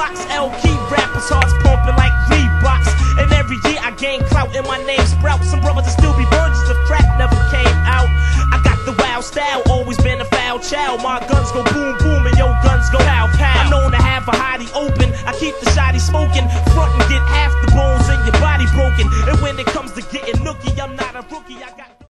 blocks. L key rappers' hearts pumping like Reeboks. And every year I gain clout and my name sprouts. Some brothers will still be virgins if crack never came out. I got the wild style, always been a foul child. My guns go boom boom and your guns go pow pow. I'm known to have a hottie open. I keep the shotty smoking. Front and get half the bones and your body broken. And when it comes to getting nookie, I'm not a rookie. I got